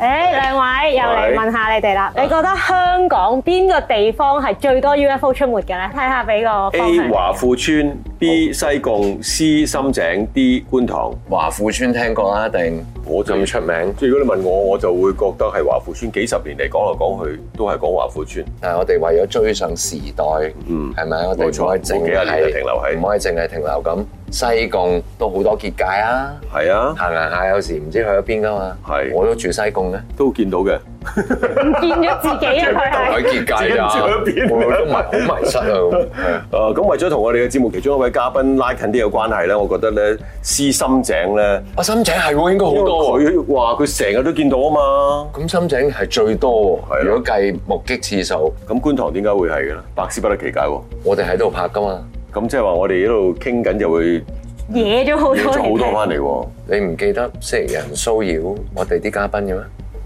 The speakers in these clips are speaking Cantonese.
誒、哎，兩位又嚟問下你哋啦。你覺得香港邊個地方係最多 UFO 出沒嘅呢？睇下俾個 A，華富邨 B、oh, okay. 西貢、C 深井、D 觀塘、華富村，聽過啦定，我就咁出名。即係如果你問我，我就會覺得係華富村。幾十年嚟講嚟講去，都係講華富村。但，我哋為咗追上時代，嗯，係咪？我哋唔可以淨係，唔可以淨係停留咁。西貢都好多結界啊，係啊，行行下有時唔知去咗邊噶嘛，係。我都住西貢嘅，都見到嘅。唔見咗自己佢係結界，好迷，好迷失啊！誒，咁為咗同我哋嘅節目其中一位嘉賓拉近啲有關係咧，我覺得咧，試深井咧，啊，深井係應該好多。佢話佢成日都見到啊嘛。咁深井係最多，如果計目擊次數，咁觀塘點解會係嘅咧？百思不得其解。我哋喺度拍㗎嘛。咁即係話我哋喺度傾緊就會惹咗好多，惹咗好多翻嚟。你唔記得蜥蜴人騷擾我哋啲嘉賓嘅咩？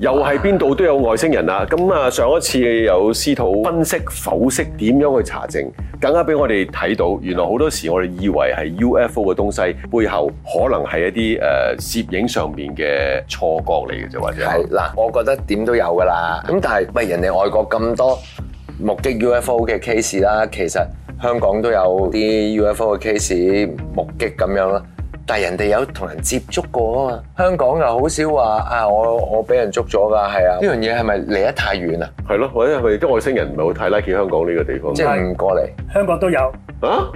又係邊度都有外星人呀！咁啊，上一次有司徒分析剖析點樣去查證，更加俾我哋睇到，原來好多時我哋以為係 UFO 嘅東西背後可能係一啲誒、呃、攝影上面嘅錯覺嚟嘅啫，或者係嗱，我覺得點都有噶啦。咁但係喂，人哋外國咁多目擊 UFO 嘅 case 啦，其實香港都有啲 UFO 嘅 case 目擊咁樣啦。但係人哋有同人接觸過啊嘛，香港又好少話啊，我我俾人捉咗㗎，係啊，呢樣嘢係咪離得太遠啊？係咯，或者係即外星人唔係好睇 like 香港呢個地方，即係唔過嚟。香港都有啊，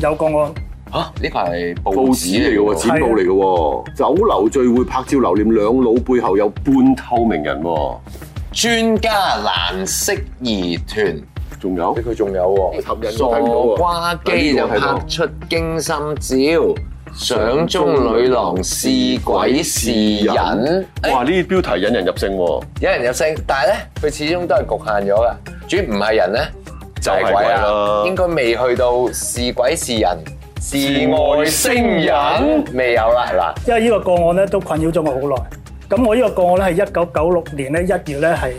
有個案啊？呢排報紙嚟嘅喎，展報嚟嘅喎，酒樓聚會拍照留念，兩老背後有半透明人、啊。專家難釋疑團，仲有？佢仲有傻、啊、瓜機又拍出驚心照。相中女郎是鬼是人？哇！呢啲標題引人入勝喎，引人入勝。但係咧，佢始終都係局限咗噶。主要唔係人咧，就係鬼啦。應該未去到是鬼是人，是外星人未有啦，係嘛？因為呢個個案咧都困擾咗我好耐。咁我呢個個案咧係一九九六年咧一月咧係。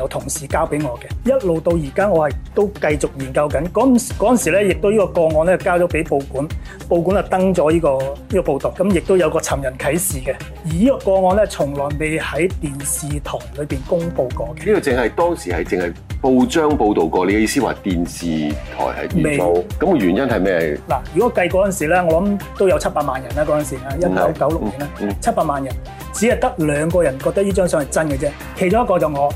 有同事交俾我嘅，一路到而家，我係都繼續研究緊。嗰嗰陣時咧，亦都呢個個案咧交咗俾報館，報館啊登咗呢、呢個呢、呢個報道，咁亦都有個尋人啟事嘅。而呢個個案咧，從來未喺電視台裏邊公布過嘅。呢、呢個淨係當時係淨係報章報導過。你嘅意思話電視台係未？冇。咁個原因係咩？嗱，如果計嗰陣時咧，我諗都有七百萬人啦，嗰陣時、嗯、一九九六年啦、嗯，七百萬人，只係得兩個人覺得呢張相係真嘅啫，其中一個就是我。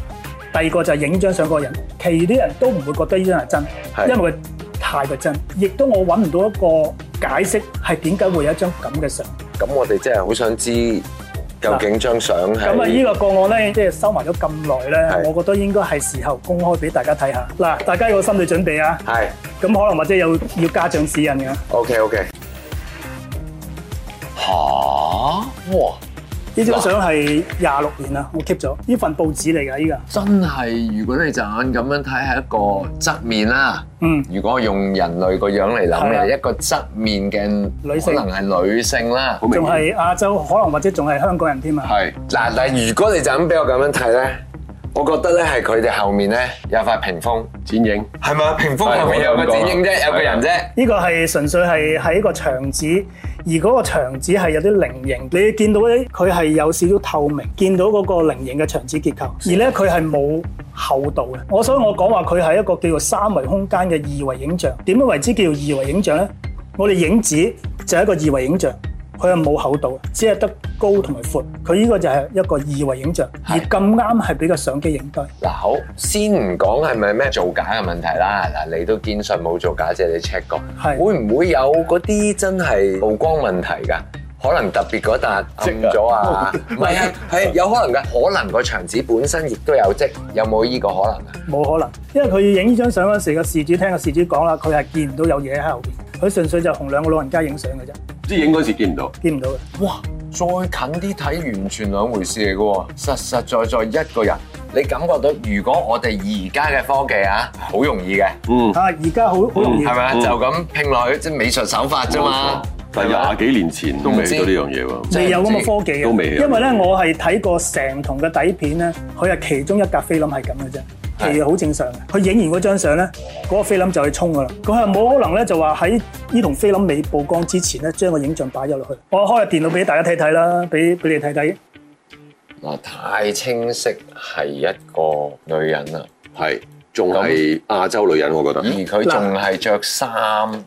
第二個就係影張相嗰個人，其餘啲人都唔會覺得呢張係真，因為佢太過真，亦都我揾唔到一個解釋係點解會有一張咁嘅相。咁我哋真係好想知究竟張相係。咁啊，呢個個案咧，即係收埋咗咁耐咧，我覺得應該係時候公開俾大家睇下。嗱，大家有個心理準備啊。係。咁可能或者有要家長指引嘅。OK，OK。嚇！哇！呢張相係廿六年啦，我 keep 咗。呢份報紙嚟㗎，依個真係如果你就眼咁樣睇，係一個側面啦。嗯，如果用人類個樣嚟諗，係一個側面嘅女性，可能係女性啦，仲係亞洲，可能或者仲係香港人添啊。係，嗱嗱如果你就咁俾我咁樣睇咧，我覺得咧係佢哋後面咧有塊屏風剪影。係咪，屏風後面有個剪影啫，有個人啫。呢個係純粹係喺個牆紙。而嗰個牆紙係有啲菱形，你見到啲佢係有少少透明，見到嗰個菱形嘅牆紙結構，而咧佢係冇厚度嘅。我所以我講話佢係一個叫做三維空間嘅二維影像。點樣為之叫二維影像咧？我哋影子就係一個二維影像。佢係冇厚度，只係得高同埋闊。佢依個就係一個二維影像，而咁啱係俾個相機影低。嗱，好先唔講係咪咩造假嘅問題啦。嗱，你都堅信冇造假，即係你 check 過，會唔會有嗰啲真係曝光問題㗎？可能特別嗰笪暗咗啊？唔係啊，係有可能㗎。可能個牆紙本身亦都有跡，有冇依個可能啊？冇可能，因為佢影依張相嗰時個事主聽個事主講啦，佢係見唔到有嘢喺後邊。佢純粹就同兩個老人家影相嘅啫，即影嗰時見唔到，見唔到嘅。哇，再近啲睇完全兩回事嚟嘅喎，實實在在一個人，你感覺到如果我哋而家嘅科技啊，好容易嘅，嗯，啊而家好好容易嘅，係咪啊？就咁拼落去，即美術手法啫嘛，啊嗯嗯。但係廿幾年前都未到呢樣嘢喎，未有咁嘅科技，都未。因為咧，我係睇過成筒嘅底片咧，佢係其中一格是這樣的，菲林係咁嘅啫。係好正常嘅，佢影完嗰張相咧，嗰個菲林就去沖噶啦，佢係冇可能咧就話喺呢同菲林未曝光之前咧，將個影像擺咗落去。我開個電腦俾大家睇睇啦，俾俾你睇睇。嗱，太清晰，係一個女人啦，係。仲係亞洲女人、嗯，我覺得。而佢仲係着衫，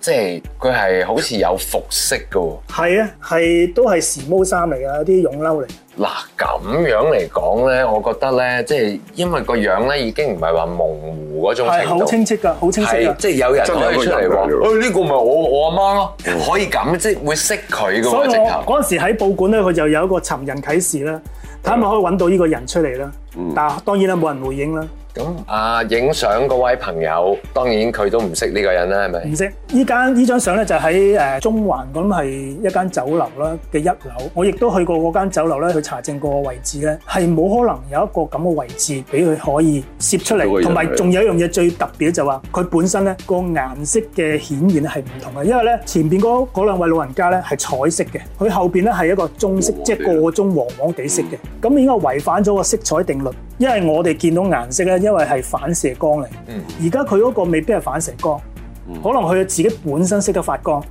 即係佢係好似有服飾噶。係啊，係都係時髦衫嚟噶，啲絨褸嚟。嗱咁樣嚟講咧，我覺得咧，即係因為個樣咧已經唔係話模糊嗰種程度。係好清晰㗎，好清晰㗎。即係有人可以出嚟喎。誒呢、哎呢個咪我我阿媽咯，可以咁即係會識佢嘅。所以嗰時喺報館咧，佢就有一個尋人啟事啦，睇下可唔可以揾到呢個人出嚟啦。嗯、但當然咧，冇人回應啦。咁啊，影相嗰位朋友，當然佢都唔識呢個人啦，係咪？唔識依間依張相咧，就喺、是、誒、呃、中環咁係一間酒樓啦嘅一樓。我亦都去過嗰間酒樓咧，去查證過個位置咧，係冇可能有一個咁嘅位置俾佢可以攝出嚟。同埋仲有一樣嘢最特別就話、是，佢本身咧個顏色嘅顯現係唔同嘅，因為咧前邊嗰兩位老人家咧係彩色嘅，佢後邊咧係一個棕色，哦、即係個棕黃黃地色嘅。咁應該違反咗個色彩定律。因為我哋見到顏色咧，因為係反射光嚟。而家佢嗰個未必係反射光，可能佢自己本身識得發光，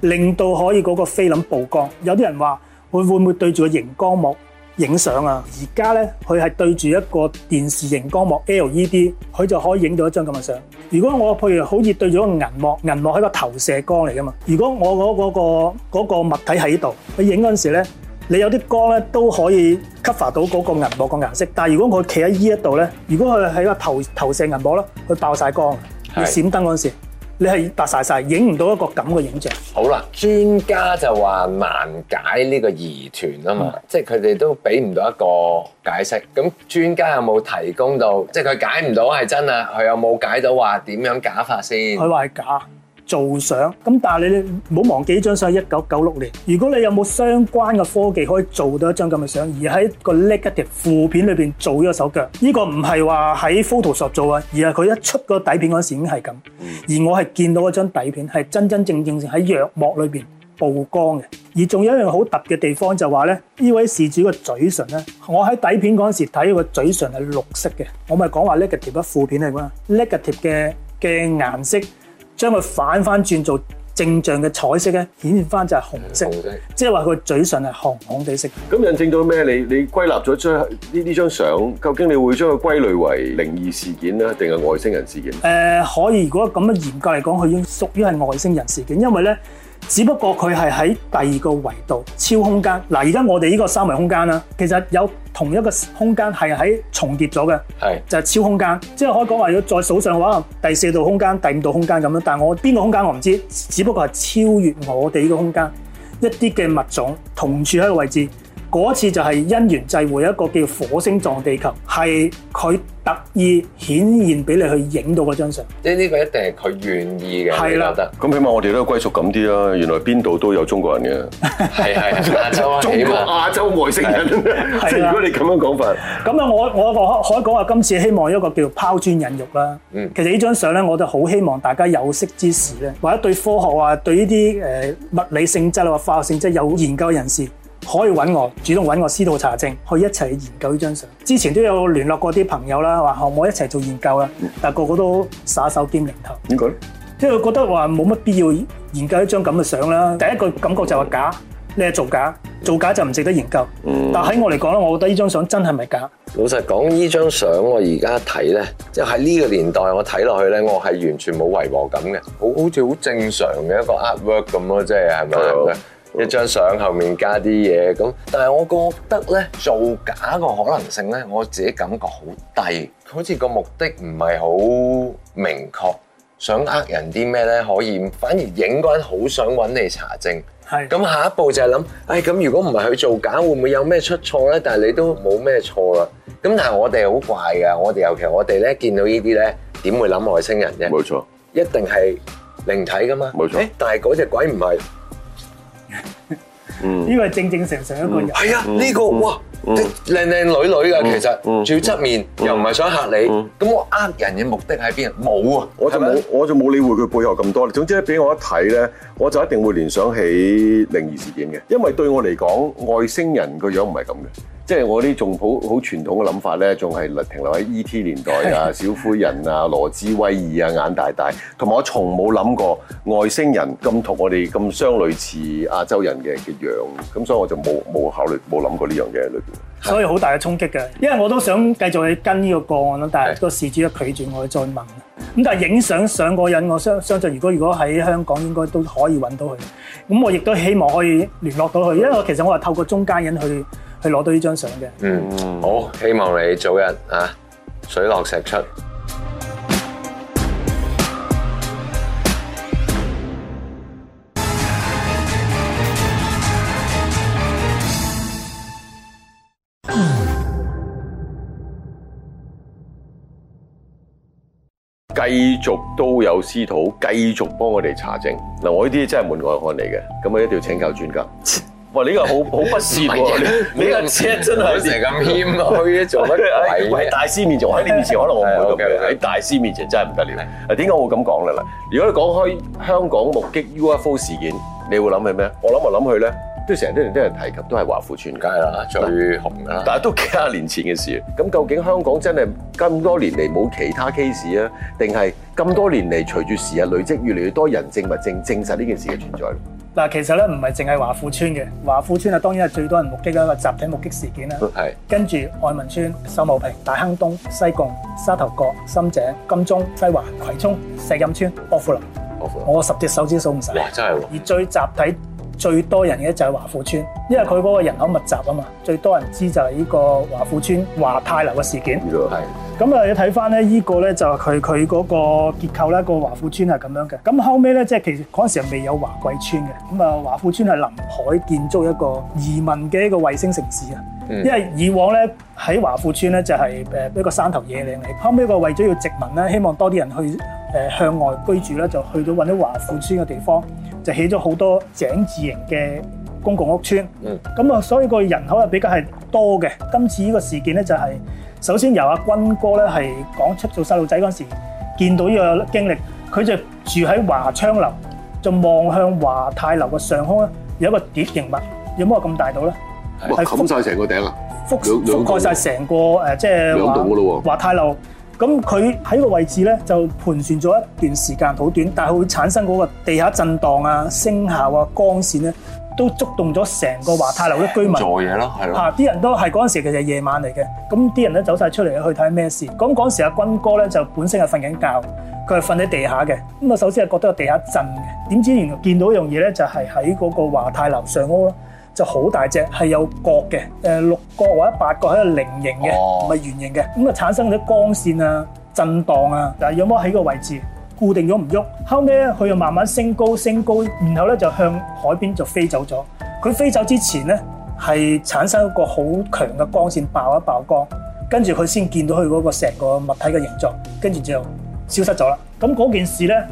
令到可以嗰個菲林曝光。有啲人話會會唔會對住個熒光幕影相啊？而家咧，佢係對住一個電視熒光幕 LED，佢就可以影到一張咁嘅相。如果我譬如好似對住個銀幕，銀幕係個投射光嚟㗎嘛。如果我嗰個嗰個嗰個物體喺度，佢影嗰陣時咧。你有啲光咧都可以 cover 到嗰個銀幕個顏色，但係如果佢企喺呢一度咧，如果佢喺個投投射銀幕咯，佢爆晒光，你閃燈嗰陣時，你係白晒晒，影唔到一個咁嘅影像。好啦，專家就話難解呢個疑團啊嘛，即係佢哋都俾唔到一個解釋。咁專家有冇提供到？即係佢解唔到係真啊？佢有冇解到話點樣假法先？佢話係假。做相咁，但係你哋唔好忘記張，張相一九九六年。如果你有冇相關嘅科技可以做到一張咁嘅相，而喺個 negative 負片裏面做咗手腳，呢、這個唔係話喺 Photoshop 做啊，而係佢一出個底片嗰陣時已經係咁。而我係見到嗰張底片係真真正正喺藥膜裏面曝光嘅。而仲有一樣好突嘅地方就話咧，呢位事主嘅嘴唇咧，我喺底片嗰陣時睇個嘴唇係綠色嘅。我咪講話 negative 負片嚟㗎，negative 嘅嘅顏色。將佢反翻轉做正像嘅彩色咧，顯現翻就係紅色，即係話佢個嘴唇係紅紅地色。咁印證到咩？你你歸納咗張呢呢張相，究竟你會將佢歸類為靈異事件咧，定係外星人事件？誒、呃，可以。如果咁樣嚴格嚟講，佢應屬於係外星人事件，因為咧。只不過佢係喺第二個維度，超空間。嗱，而家我哋呢個三維空間啦，其實有同一個空間係喺重疊咗嘅，就係、係、超空間。即係可以講話要再數上嘅話，第四度空間、第五度空間咁樣。但我邊個空間我唔知，只不過係超越我哋呢個空間一啲嘅物種同處喺個位置。嗰次就係因緣際會一個叫火星撞地球，係佢特意顯現俾你去影到嗰張相。即係呢個一定係佢願意嘅，係啦，得得，我覺得咁起碼我哋都有歸屬感啲啦。原來邊度都有中國人嘅，係 係亞洲啊，中國亞洲外星人。即 如果你咁樣講法，咁啊，我我可可講話今次希望一個叫做拋磚引玉啦、嗯。其實呢張相咧，我就好希望大家有識之士咧，或者對科學啊，對呢啲誒物理性質啊、化學性質有研究人士。可以揾我，主動揾我司徒查證，去一齊去研究呢張相。之前都有聯絡過啲朋友啦，話可唔可以一齊做研究啦？但個個都耍手兼擰頭。點解咧？即係覺得話冇乜必要研究一張咁嘅相啦。第一個感覺就係假，你係造假，造假就唔值得研究。但喺我嚟講咧，我覺得呢張相真係咪假？老實講，呢張相我而家睇咧，即係喺呢個年代我睇落去咧，我係完全冇違和感嘅，好好似好正常嘅一個 artwork 咁咯，即係係咪？一張相後面加啲嘢，呢、嗯、個正正常常一個人係、嗯、啊，呢、嗯這個哇靚靚、嗯、女女噶、嗯，其實仲要側面，又唔係想吓你，咁、嗯、我呃人嘅目的喺邊？冇啊，我就冇我就冇理會佢背後咁多啦。總之咧，俾我一睇咧，我就一定會聯想起靈異事件嘅，因為對我嚟講，外星人個樣唔係咁嘅。即係我啲仲好好傳統嘅諗法咧，仲係停留喺 E.T. 年代啊，小灰人啊，羅茲威爾啊，眼大大，同埋我從冇諗過外星人咁同我哋咁相類似亞洲人嘅嘅樣子，咁所以我就冇冇考慮冇諗過呢樣嘢喺裏邊。所以好大嘅衝擊嘅，因為我都想繼續去跟呢個個案啦，但係個事主都拒絕我再問。咁但係影相上嗰個人，我相相信如果如果喺香港應該都可以揾到佢。咁我亦都希望可以聯絡到佢，因為其實我係透過中間人去。佢攞到呢張相嘅。嗯，好，希望你早日啊，水落石出，繼續都有司徒，繼續幫我哋查證。嗱、啊，我呢啲真係門外漢嚟嘅，咁我一定要請教專家。哇！呢個好好不屑喎、哦，呢個車真係成日咁謙啊，去做乜鬼？喺大， 面、 okay, okay. 大師面前，喺你面前可能我唔會做，喺大師面前真係唔得了。嗱，點、啊、解我會咁講咧？嗱，如果你講開香港目擊 UFO 事件，你會諗起咩？我諗我諗佢咧，都成日都有啲人提及，都係華富邨啦，最紅啦。但係都幾廿年前嘅事。咁究竟香港真係咁多年嚟冇其他 case 啊？定係咁多年嚟隨住時日累積，越嚟越多人證物證證實呢件事嘅存在？嗱，其實咧唔係淨係華富邨嘅，華富邨啊當然係最多人目擊嘅一個集體目擊事件啦。係，跟住愛民邨、秀茂坪、大坑東、西貢、沙頭角、深井、金鐘、西環、葵涌、石蔭邨、薄扶林、薄扶林，我十隻手指數唔晒。哇，真係、哦，而最集體最多人嘅就係華富邨，因為佢嗰個人口密集啊嘛，最多人知就係呢個華富邨華泰樓嘅事件。如咁、嗯、啊，你睇翻咧，呢個咧就係佢佢嗰個結構啦。個華富邨係咁樣嘅。咁後尾咧，即係其實嗰陣時係未有華貴村嘅。咁啊，華富邨係臨海建築一個移民嘅一個衛星城市啊。因為以往咧喺華富邨咧就係誒一個山頭野嶺嚟。後尾個為咗要殖民咧，希望多啲人去誒、呃、向外居住咧，就去到揾啲華富邨嘅地方，就起咗好多井字型嘅公共屋邨。咁、嗯、啊、嗯，所以個人口又比較係多嘅。今次呢個事件咧就係、是。首先，由阿軍哥呢，係講出做細路仔嗰陣時，見到呢個經歷，佢就住喺華昌樓，就望向華泰樓嘅上空呢，有一個碟形物，有冇話咁大到呢？係冚晒成個頂啊，覆覆蓋晒成個，即係兩棟嘅咯喎，華泰樓。咁佢喺個位置呢，就盤旋咗一段時間，好短，但係佢會產生嗰個地下震盪啊、聲效啊、光線呢。都觸動咗成個華泰樓嘅居民。做嘢咯，係咯。嚇，啲人都係嗰陣時其實夜晚嚟嘅，咁啲人咧走晒出嚟去睇咩事。咁嗰陣時阿軍哥咧就本身係瞓緊覺，佢係瞓喺地下嘅。咁啊，首先係覺得個地下震嘅，點知原來見到一樣嘢咧就係喺嗰個華泰樓上屋咯，就好大隻，係有角嘅，誒六角或者八角喺度菱形嘅，唔係圓形嘅。咁啊產生咗光線啊、震盪啊，但係有冇喺個位置？固定咗唔喐，後尾咧佢又慢慢升高，升高，然後咧就向海邊就飛走咗。佢飛走之前咧係產生一個好強嘅光線爆一爆光，跟住佢先見到佢嗰個成個物體嘅形狀，跟住就消失咗啦。咁嗰件事咧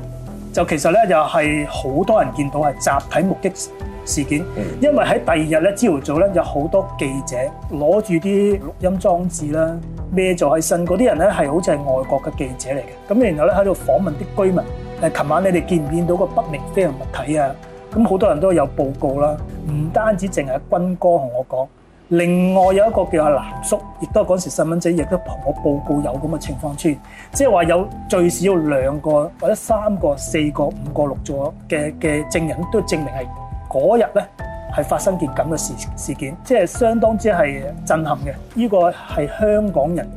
就其實咧又係好多人見到係集體目擊，事件，因為喺第二日咧朝頭早咧有好多記者攞住啲錄音裝置啦，咩就係信嗰啲人咧係好似係外國嘅記者嚟嘅。咁然後咧喺度訪問啲居民。誒，琴晚你哋見唔見到個不明飛行物體啊？咁好多人都有報告啦。唔單止淨係軍哥同我講，另外有一個叫阿藍叔，亦都嗰時細蚊仔，亦都同我報告有咁嘅情況出現，即係話有最少兩個或者三個、四個、五個、六座嘅嘅證人都證明係。嗰日咧係發生件咁嘅事事件，即係相當之係震撼嘅。呢個係香港人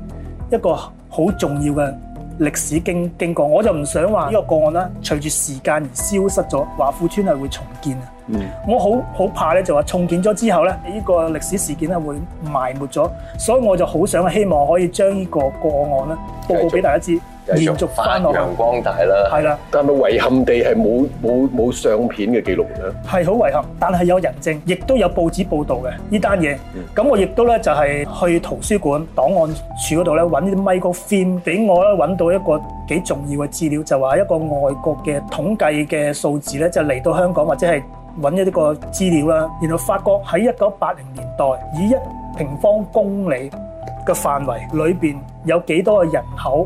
一個好重要嘅歷史經經過。我就唔想話呢個個案啦，隨住時間而消失咗。華富邨係會重建啊、嗯，我好好怕咧就話重建咗之後咧，呢個歷史事件咧會埋沒咗，所以我就好想希望可以將呢個個案咧報告俾大家知。連續翻落去，係啦，但係遺憾地係冇冇冇相片嘅記錄咧，係好遺憾，但係有人證，亦都有報紙報導嘅呢單嘢。咁我亦都咧就係去圖書館檔案處嗰度咧揾啲 microfilm，俾我咧揾到一個幾重要嘅資料，就話一個外國嘅統計嘅數字咧，就嚟到香港或者係揾一啲個資料啦。然後發覺喺一九八零年代，以一平方公里嘅範圍裏邊有幾多嘅人口。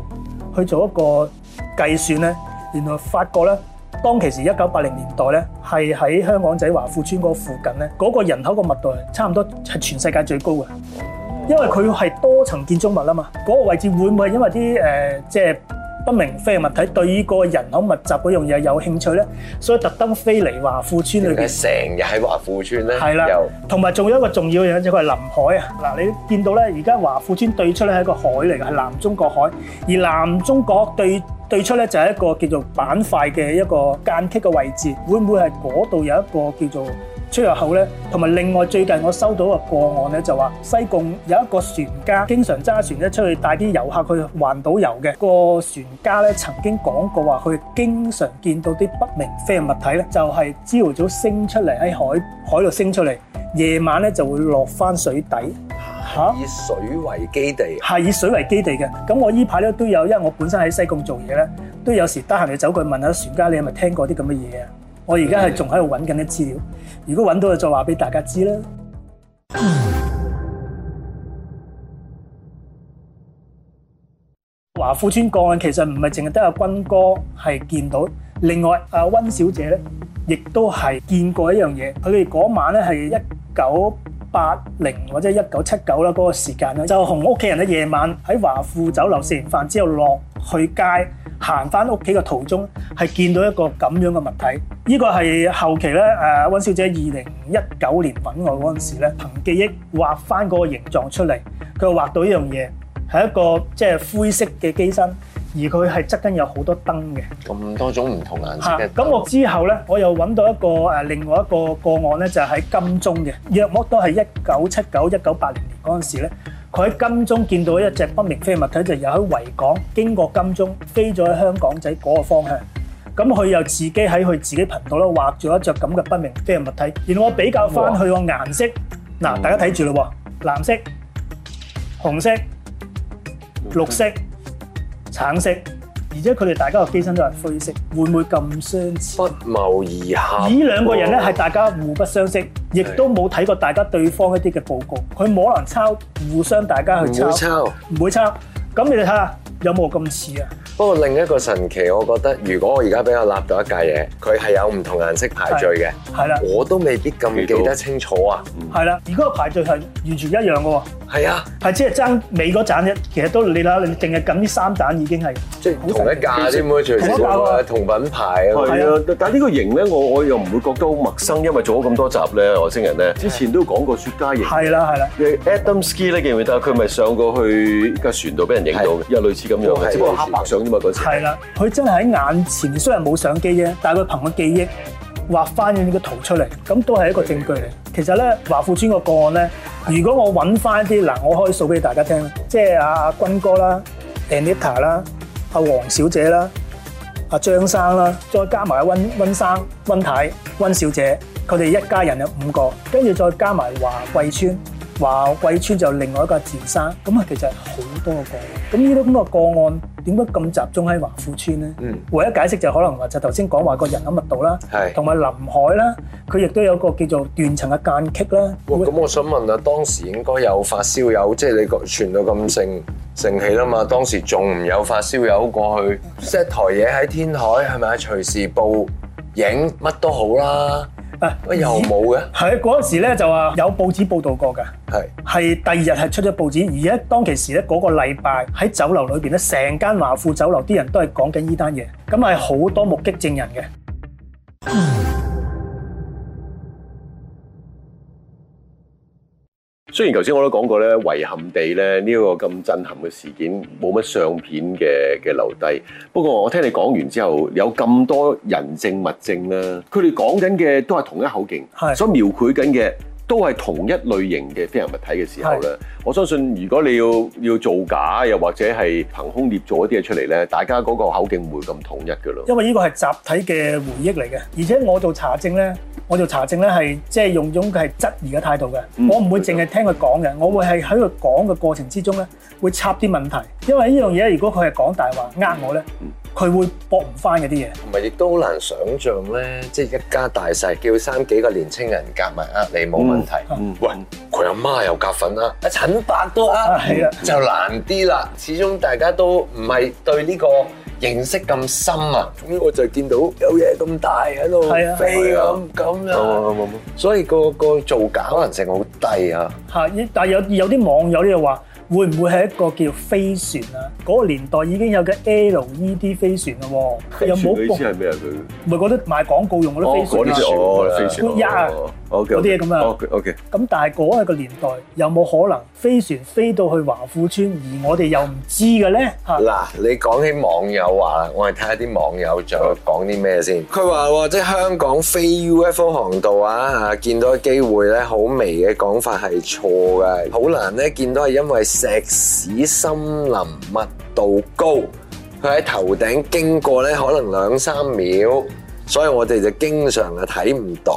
去做一個計算咧，原來發覺咧，當其時一九八零年代咧，係喺香港仔華富邨嗰附近咧，嗰、嗰個人口個密度差唔多係全世界最高嘅，因為佢係多層建築物啊嘛，嗰、嗰個位置會唔會因為啲誒、呃、即係？不明飛嘅物體對呢個人口密集嗰樣嘢有興趣咧，所以特登飛嚟華富邨裏邊。成日喺華富邨咧，係啦，同埋仲有一個重要嘅嘢，就係佢係臨海啊！嗱，你見到咧，而家華富邨對出咧係一個海嚟嘅，係南中國海。而南中國對對出咧就係一個叫做板塊嘅一個間隙嘅位置，會唔會係嗰度有一個叫做？出入口咧，同埋另外最近我收到個個案咧，就話西貢有一個船家經常揸船咧出去帶啲遊客去環島遊嘅個船家咧，曾經講過話佢經常見到啲不明飛行物體咧，就係朝頭早升出嚟喺海海度升出嚟，夜晚咧就會落翻水底吓，以水為基地係、啊、以水為基地嘅。咁我依排咧都有，因為我本身喺西貢做嘢咧，都有時得閒你走過去問下船家，你係咪聽過啲咁嘅嘢啊？我而家係仲喺度揾緊啲資料，如果揾到，就再話俾大家知啦。華富村個案其實唔係淨係得阿軍哥係見到，另外阿温小姐咧，亦都係見過一樣嘢。佢哋嗰晚咧係一九。八零或者一九七九啦，嗰個時間咧，就同屋企人咧夜晚喺華富酒樓食完飯之後落去街，行翻屋企嘅途中，係見到一個咁樣嘅物體。呢個係後期咧，誒温小姐二零一九年揾我嗰陣時咧，憑記憶畫翻嗰個形狀出嚟。佢畫到一樣嘢係一個即係灰色嘅機身。而佢係側跟有好多燈嘅，咁多種唔同顏色嘅。咁我之後咧，我又揾到一個誒另外一個個案咧，就喺金鐘嘅，約莫都係一九七九、一九八零年嗰陣時咧，佢喺金鐘見到一隻不明飛物體，就由喺維港經過金鐘飛咗去香港仔嗰個方向。咁佢又自己喺佢自己頻道咧畫咗一隻咁嘅不明飛物體。然後我比較翻佢個顏色，嗱，大家睇住咯喎，藍色、紅色、綠色。橙色，而且佢哋大家嘅機身都係灰色，會唔會咁相似？不謀而合。呢兩個人咧係大家互不相識，亦都冇睇過大家對方一啲嘅報告，佢冇可能抄，互相大家去抄，唔會抄，唔會抄。咁你哋睇下有冇咁似啊？不過另一個神奇，我覺得如果我而家畀我揦到一架嘢，佢係有唔同顏色排序嘅，係啦，我都未必咁記得清楚啊。係啦、嗯，而嗰個排序係完全一樣嘅喎。係啊，係只係爭尾嗰盞啫。其實都你睇下，你淨係撳啲三盞已經係即係同一架先會出現嘅，同品牌啊。係啊。但係呢個型咧，我我又唔會覺得好陌生，因為做咗咁多集咧，外星人咧，之前都講過雪茄型係啦，係啦。Adamski 咧，記唔記得？佢咪上過去架船度俾人影到嘅，又類似咁樣，只不過黑白相。上係啦，佢真係喺眼前雖然冇相機啫，但係佢憑個記憶畫翻咗呢個圖出嚟，咁都係一個證據嚟。其實咧，華富村個個案咧，如果我揾翻啲嗱，我可以數俾大家聽，即係阿君哥啦、Anita、啊、啦、阿、啊、黃、啊、小姐啦、阿、啊、張生啦，再加埋溫溫生、溫太、溫小姐，佢哋一家人有五個，跟住再加埋華貴村，華貴村就另外一個趙生，咁啊，其實好多個，咁呢啲咁多個案。那這點解咁集中喺華富邨咧？嗯、唯一解釋就係可能話就頭先講話個人密度啦，同埋臨海啦，佢亦都有個叫做斷層嘅間隙啦。咁我想問啊，當時應該有發燒友，即係你傳到咁盛盛氣啦嘛，當時仲唔有發燒友過去 set 台嘢喺天台，係咪啊？隨時報影乜都好啦。啊！又冇嘅，係嗰陣時咧就話有報紙報導過嘅，係第二日係出咗報紙，而家當其時咧嗰個禮拜喺酒樓裏面咧，成間華富酒樓啲人都係講緊呢單嘢，咁係好多目擊證人嘅。嗯雖然頭先我都講過咧，遺憾地咧呢一個咁震撼嘅事件冇乜相片嘅嘅留低。不過我聽你講完之後，有咁多人證物證啦，佢哋講緊嘅都係同一口徑，所描繪緊嘅都係同一類型嘅飛行物體嘅時候咧，我相信如果你要要造假，又或者係憑空捏造一啲嘢出嚟咧，大家嗰個口徑唔會咁統一㗎咯。因為呢個係集體嘅回憶嚟嘅，而且我做查證咧。我做查證咧，係即係用種係質疑嘅態度嘅，我唔會淨係聽佢講嘅，我會係喺佢講嘅過程之中咧，會插啲問題，因為呢樣嘢咧，如果佢係講大話呃我咧，佢會駁唔返嗰啲嘢。唔係亦都好難想像咧，即係一家大細叫三幾個年青人夾埋呃你冇問題，喂，佢阿媽又夾份啦，阿陳伯都呃，係啊，就難啲啦，始終大家都唔係對呢個。認識咁深啊，總之我就見到有嘢咁大喺度飛咁咁樣，所以個個造假可能性好低啊。嚇！但係有有啲網友咧話，會唔會係一個叫飛船啊？嗰個年代已經有嘅 LED 飛船啦，又冇。你知係咩啊？佢唔係嗰啲賣廣告用嗰啲飛船。嗰啲哦，飛船哦。嗰啲嘢咁樣，咁但係嗰一個年代有冇可能飛船飛到去華富邨，而我哋又唔知嘅咧？啊！嗱，你講起網友話啦，我嚟睇下啲網友再講啲咩先。佢話喎，即係香港飛 UFO 航道啊！啊，見到機會咧，好微嘅講法係錯嘅，好難咧見到，係因為石屎森林密度高，佢喺頭頂經過咧，可能兩三秒。所以我哋就經常啊睇唔到，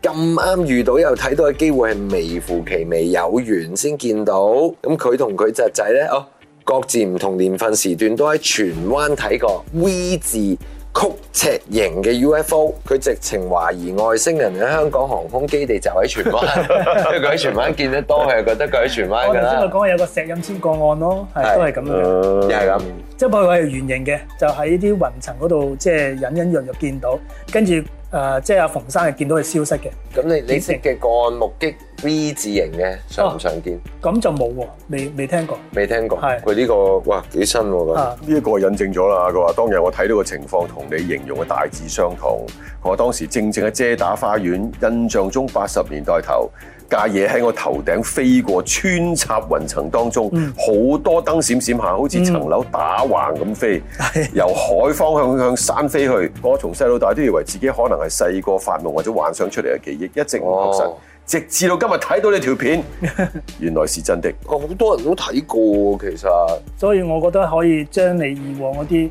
咁啱遇到又睇到嘅機會係微乎其微，有緣先見到。咁佢同佢侄仔呢，哦，各自唔同年份時段都喺荃灣睇過 V 字。曲尺形嘅 UFO，佢直情懷疑外星人喺香港航空基地就喺荃灣，佢喺荃灣見得多，佢又覺得佢喺荃灣嘅咧。我頭先咪講有個石蔭村個案咯，都係咁樣，又係咁。即係不過佢係圓形嘅，就喺啲雲層嗰度，即係隱隱約約見到，跟住。誒、呃，即係阿馮生係見到佢消失嘅。咁你你識嘅個案目擊 V 字形嘅常唔常見？咁、哦、就冇喎，未未聽過。未聽過，係佢呢個哇幾新喎！呢一、啊這個印證咗啦。佢話當日我睇到個情況同你形容嘅大致相同。佢話當時正正喺遮打花園，印象中八十年代頭。架嘢喺我頭頂飛過，穿插雲層當中，好、嗯、多燈閃閃下，好似層樓打橫咁飛，嗯，由海方向向山飛去。 我從細到大都以為自己可能係細個發夢或者幻想出嚟嘅記憶，一直唔確實，直至到今日睇到呢條片， 原來是真的。好多人都睇過，其實。所以我覺得可以將你以往嗰啲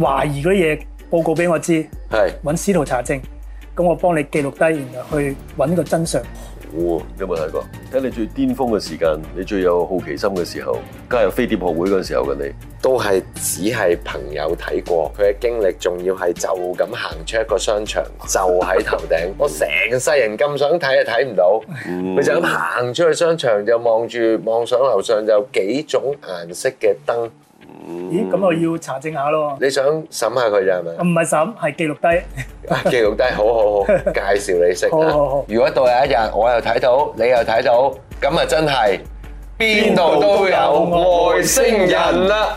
懷疑嘅嘢報告俾我知，係揾司徒查證，咁我幫你記錄低，然後去揾個真相。你有冇睇過？睇你最巔峰嘅時間，你最有好奇心嘅時候，加入飛碟學會嗰時候嘅你，都係只係朋友睇過佢嘅經歷，仲要係就咁行出一個商場，就喺頭頂，我成世人咁想睇啊睇唔到，佢就咁行出去商場就望住望上樓上就幾種顏色嘅燈。咦，咁我要查證下咯。你想審下佢咋？係咪？唔係審，係記錄低。記錄低，好好好，介紹你識。好好好。如果到有一日我又睇到，你又睇到，咁啊真係邊度都有外星人啦。